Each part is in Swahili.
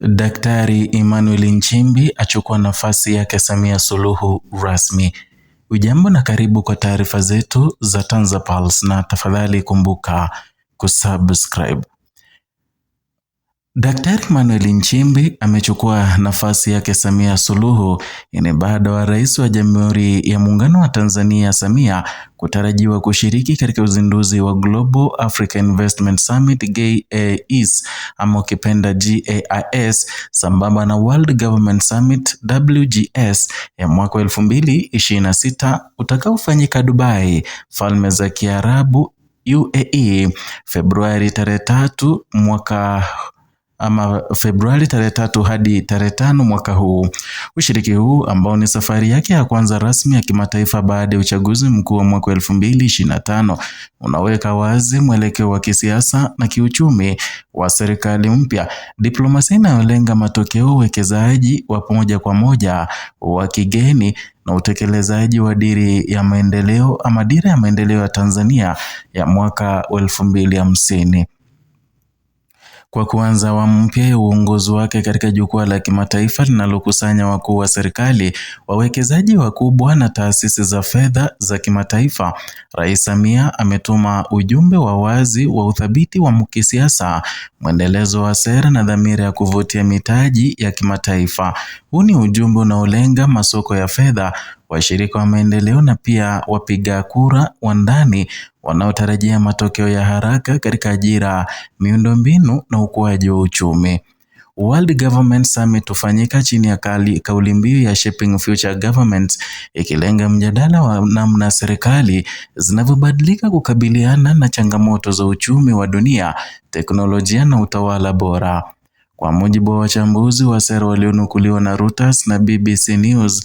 Daktari Emmanuel Nchimbi achukua nafasi yake Samia Suluhu rasmi. Ujambo na karibu kwa taarifa zetu za TanzaPulse na tafadhali kumbuka kusubscribe. Daktari Manuel Nchimbi amechukua nafasi yake Samia Suluhu ni baada wa rais wa Jamhuri ya Muungano wa Tanzania Samia kutarajiwa kushiriki katika uzinduzi wa Global Africa Investment Summit GAIS e ama ukipenda GAIS sambamba na World Government Summit WGS ya mwaka 2026 utakaofanyika Dubai, Falme za Kiarabu UAE Februari tarehe tatu mwaka ama Februari tarehe tatu hadi tarehe tano mwaka huu. Ushiriki huu ambao ni safari yake ya kwanza rasmi ya kimataifa baada ya uchaguzi mkuu wa mwaka elfu mbili ishirini na tano unaweka wazi mwelekeo wa kisiasa na kiuchumi wa serikali mpya, diplomasia inayolenga matokeo, uwekezaji wa moja kwa moja wa kigeni na utekelezaji wa diri ya maendeleo ama dira ya maendeleo ya Tanzania ya mwaka elfu mbili hamsini kwa kuanza awamu mpya ya uongozi wake katika jukwaa la kimataifa linalokusanya wakuu wa serikali, wawekezaji wakubwa na taasisi za fedha za kimataifa, Rais Samia ametuma ujumbe wa wazi wa uthabiti wa kisiasa, mwendelezo wa sera na dhamira ya kuvutia mitaji ya kimataifa. Huu ni ujumbe unaolenga masoko ya fedha, washirika wa maendeleo na pia wapiga kura wa ndani wanaotarajia matokeo ya haraka katika ajira, miundombinu na ukuaji wa uchumi. World Government Summit hufanyika chini ya kauli mbiu ya Shaping Future Governments, ikilenga mjadala wa namna serikali zinavyobadilika kukabiliana na changamoto za uchumi wa dunia, teknolojia na utawala bora. Kwa mujibu wa wachambuzi wa sera walionukuliwa na Reuters na BBC News,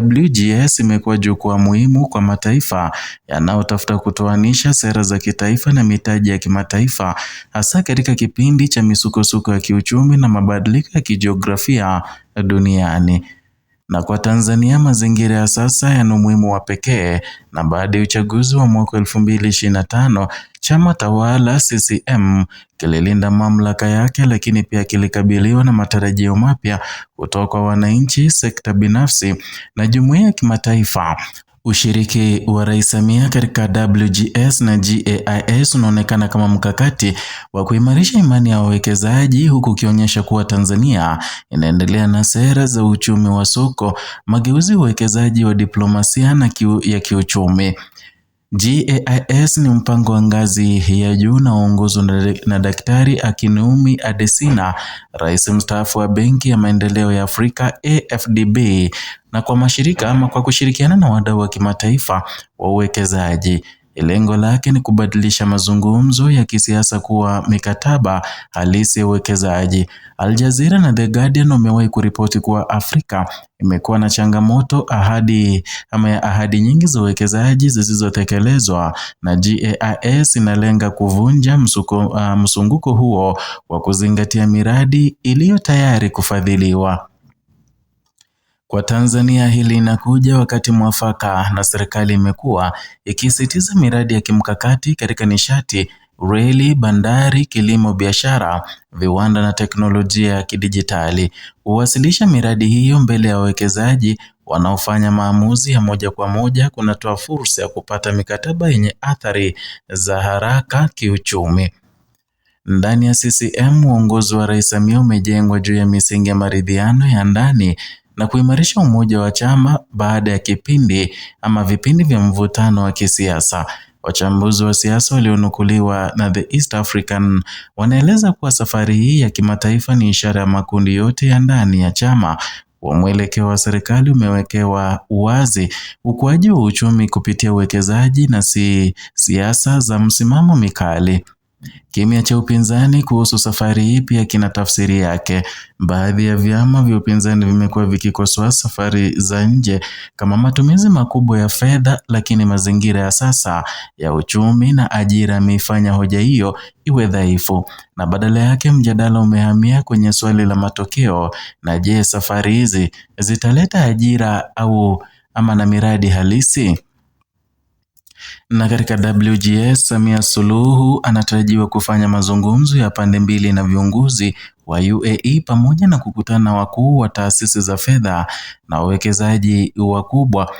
WGS imekuwa jukwaa muhimu kwa mataifa yanayotafuta kutoanisha sera za kitaifa na mitaji ya kimataifa, hasa katika kipindi cha misukosuko ya kiuchumi na mabadiliko ya kijiografia duniani na kwa Tanzania mazingira ya sasa yana umuhimu wa pekee na baada ya uchaguzi wa mwaka 2025 chama tawala CCM kililinda mamlaka yake, lakini pia kilikabiliwa na matarajio mapya kutoka kwa wananchi, sekta binafsi na jumuiya ya kimataifa Ushiriki wa Rais Samia katika WGS na GAIS unaonekana kama mkakati wa kuimarisha imani ya wawekezaji huku ukionyesha kuwa Tanzania inaendelea na sera za uchumi wa soko, mageuzi, uwekezaji wa diplomasia na kiu ya kiuchumi. GAIS ni mpango wa ngazi ya juu unaoongozwa na Daktari akinumi Adesina, rais mstaafu wa Benki ya Maendeleo ya Afrika AfDB, na kwa mashirika ama kwa kushirikiana na wadau wa kimataifa wa uwekezaji Lengo lake ni kubadilisha mazungumzo ya kisiasa kuwa mikataba halisi ya uwekezaji. Al Jazeera na The Guardian wamewahi kuripoti kuwa Afrika imekuwa na changamoto ahadi ama ahadi nyingi za uwekezaji zisizotekelezwa, na GAIS inalenga kuvunja ah, msunguko huo wa kuzingatia miradi iliyo tayari kufadhiliwa. Kwa Tanzania hili inakuja wakati mwafaka na serikali imekuwa ikisitiza miradi ya kimkakati katika nishati, reli, bandari, kilimo, biashara, viwanda na teknolojia ya kidijitali. Kuwasilisha miradi hiyo mbele ya wawekezaji wanaofanya maamuzi ya moja kwa moja kunatoa fursa ya kupata mikataba yenye athari za haraka kiuchumi. Ndani ya CCM uongozi wa Rais Samia umejengwa juu ya misingi ya maridhiano ya ndani na kuimarisha umoja wa chama baada ya kipindi ama vipindi vya mvutano wa kisiasa. Wachambuzi wa siasa walionukuliwa na The East African wanaeleza kuwa safari hii ya kimataifa ni ishara ya makundi yote ya ndani ya chama kwa mwelekeo wa serikali umewekewa uwazi, ukuaji wa uchumi kupitia uwekezaji na si siasa za msimamo mikali. Kimya cha upinzani kuhusu safari hii pia kina tafsiri yake. Baadhi ya vyama vya upinzani vimekuwa vikikosoa safari za nje kama matumizi makubwa ya fedha, lakini mazingira ya sasa ya uchumi na ajira yameifanya hoja hiyo iwe dhaifu, na badala yake mjadala umehamia kwenye swali la matokeo na je, safari hizi zitaleta ajira au ama na miradi halisi? Na katika WGS, Samia Suluhu anatarajiwa kufanya mazungumzo ya pande mbili na viongozi wa UAE pamoja na kukutana wakuu wa taasisi za fedha na wawekezaji wakubwa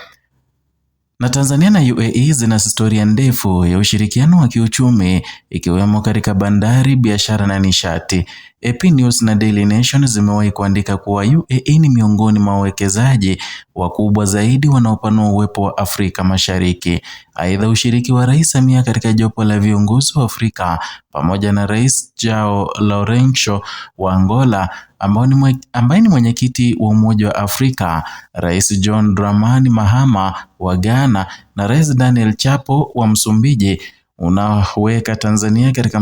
na Tanzania na UAE zina historia ndefu ya ushirikiano wa kiuchumi ikiwemo katika bandari, biashara na nishati. AP News na Daily Nation zimewahi kuandika kuwa UAE ni miongoni mwa wawekezaji wakubwa zaidi wanaopanua uwepo wa Afrika Mashariki. Aidha, ushiriki wa Rais Samia katika jopo la viongozi wa Afrika pamoja na Rais Joao Lourenco wa Angola ambaye ni mwenyekiti wa Umoja wa Afrika, Rais John Dramani Mahama wa Ghana na Rais Daniel Chapo wa Msumbiji unaweka Tanzania katika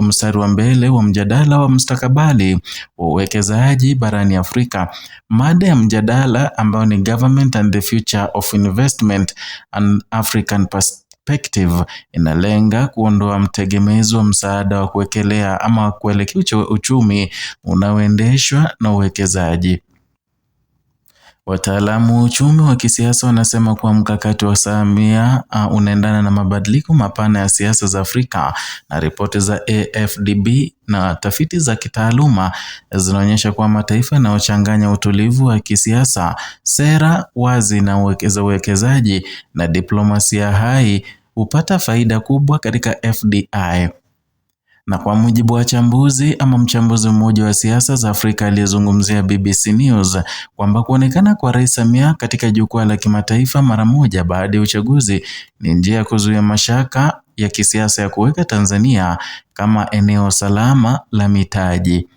mstari wa mbele wa mjadala wa mustakabali wa uwekezaji barani Afrika. Mada ya mjadala ambayo ni Government and the Future of Investment and African Perspective inalenga kuondoa mtegemezi wa msaada wa kuwekelea ama kuelekea uchumi unaoendeshwa na uwekezaji. Wataalamu wa uchumi wa kisiasa wanasema kuwa mkakati wa Samia uh, unaendana na mabadiliko mapana ya siasa za Afrika na ripoti za AFDB na tafiti za kitaaluma zinaonyesha kuwa mataifa yanayochanganya utulivu wa kisiasa, sera wazi na uwekeza uwekezaji na diplomasia hai hupata faida kubwa katika FDI. Na kwa mujibu wa chambuzi ama mchambuzi mmoja wa siasa za Afrika aliyezungumzia BBC News kwamba kuonekana kwa Rais Samia katika jukwaa la kimataifa mara moja baada ya uchaguzi ni njia ya kuzuia mashaka ya kisiasa ya kuweka Tanzania kama eneo salama la mitaji.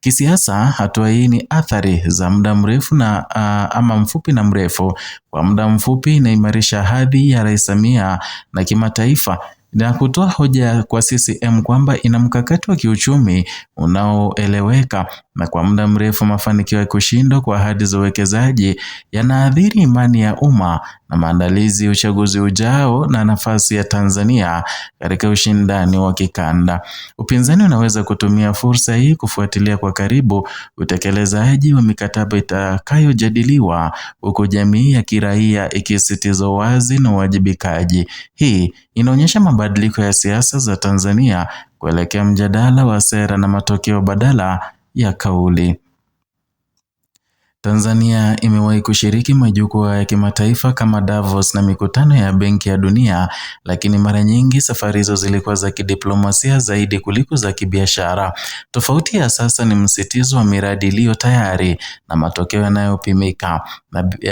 Kisiasa, hatua hii ni athari za muda mrefu na uh, ama mfupi na mrefu. Kwa muda mfupi inaimarisha hadhi ya Rais Samia na kimataifa na kutoa hoja kwa CCM kwamba ina mkakati wa kiuchumi unaoeleweka na kwa muda mrefu mafanikio ya kushindwa kwa ahadi za uwekezaji yanaathiri imani ya umma na maandalizi ya uchaguzi ujao na nafasi ya Tanzania katika ushindani wa kikanda. Upinzani unaweza kutumia fursa hii kufuatilia kwa karibu utekelezaji wa mikataba itakayojadiliwa huku jamii ya kiraia ikisisitiza wazi na uwajibikaji. Hii inaonyesha mabadiliko ya siasa za Tanzania kuelekea mjadala wa sera na matokeo badala ya kauli. Tanzania imewahi kushiriki majukwaa ya kimataifa kama Davos na mikutano ya Benki ya Dunia, lakini mara nyingi safari hizo zilikuwa za kidiplomasia zaidi kuliko za kibiashara. Tofauti ya sasa ni msitizo wa miradi iliyo tayari na matokeo yanayopimika,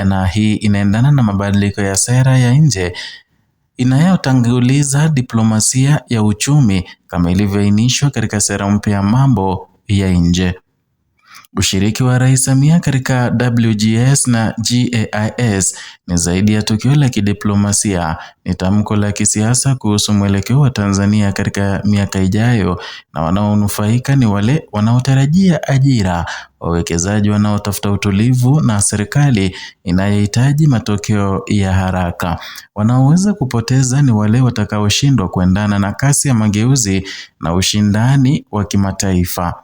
na hii inaendana na mabadiliko ya sera ya nje inayotanguliza diplomasia ya uchumi kama ilivyoainishwa katika sera mpya ya mambo ya nje. Ushiriki wa Rais Samia katika WGS na GAIS ni zaidi ya tukio la kidiplomasia, ni tamko la kisiasa kuhusu mwelekeo wa Tanzania katika miaka ijayo, na wanaonufaika ni wale wanaotarajia ajira, wawekezaji wanaotafuta utulivu na serikali inayohitaji matokeo ya haraka. Wanaoweza kupoteza ni wale watakaoshindwa kuendana na kasi ya mageuzi na ushindani wa kimataifa.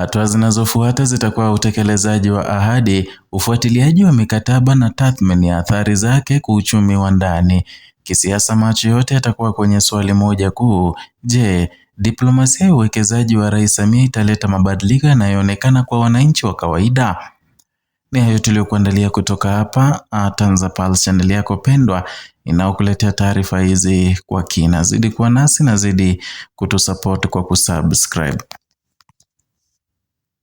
Hatua zinazofuata zitakuwa utekelezaji wa ahadi, ufuatiliaji wa mikataba na tathmini ya athari zake kwa uchumi wa ndani. Kisiasa, macho yote yatakuwa kwenye swali moja kuu: je, diplomasia ya uwekezaji wa Rais Samia italeta mabadiliko yanayoonekana kwa wananchi wa kawaida? Ni hayo tuliyokuandalia kutoka hapa ah, TanzaPulse, chaneli yako pendwa inayokuletea taarifa hizi kwa kina. Zidi kuwa nasi na zidi kutusupport kwa kusubscribe.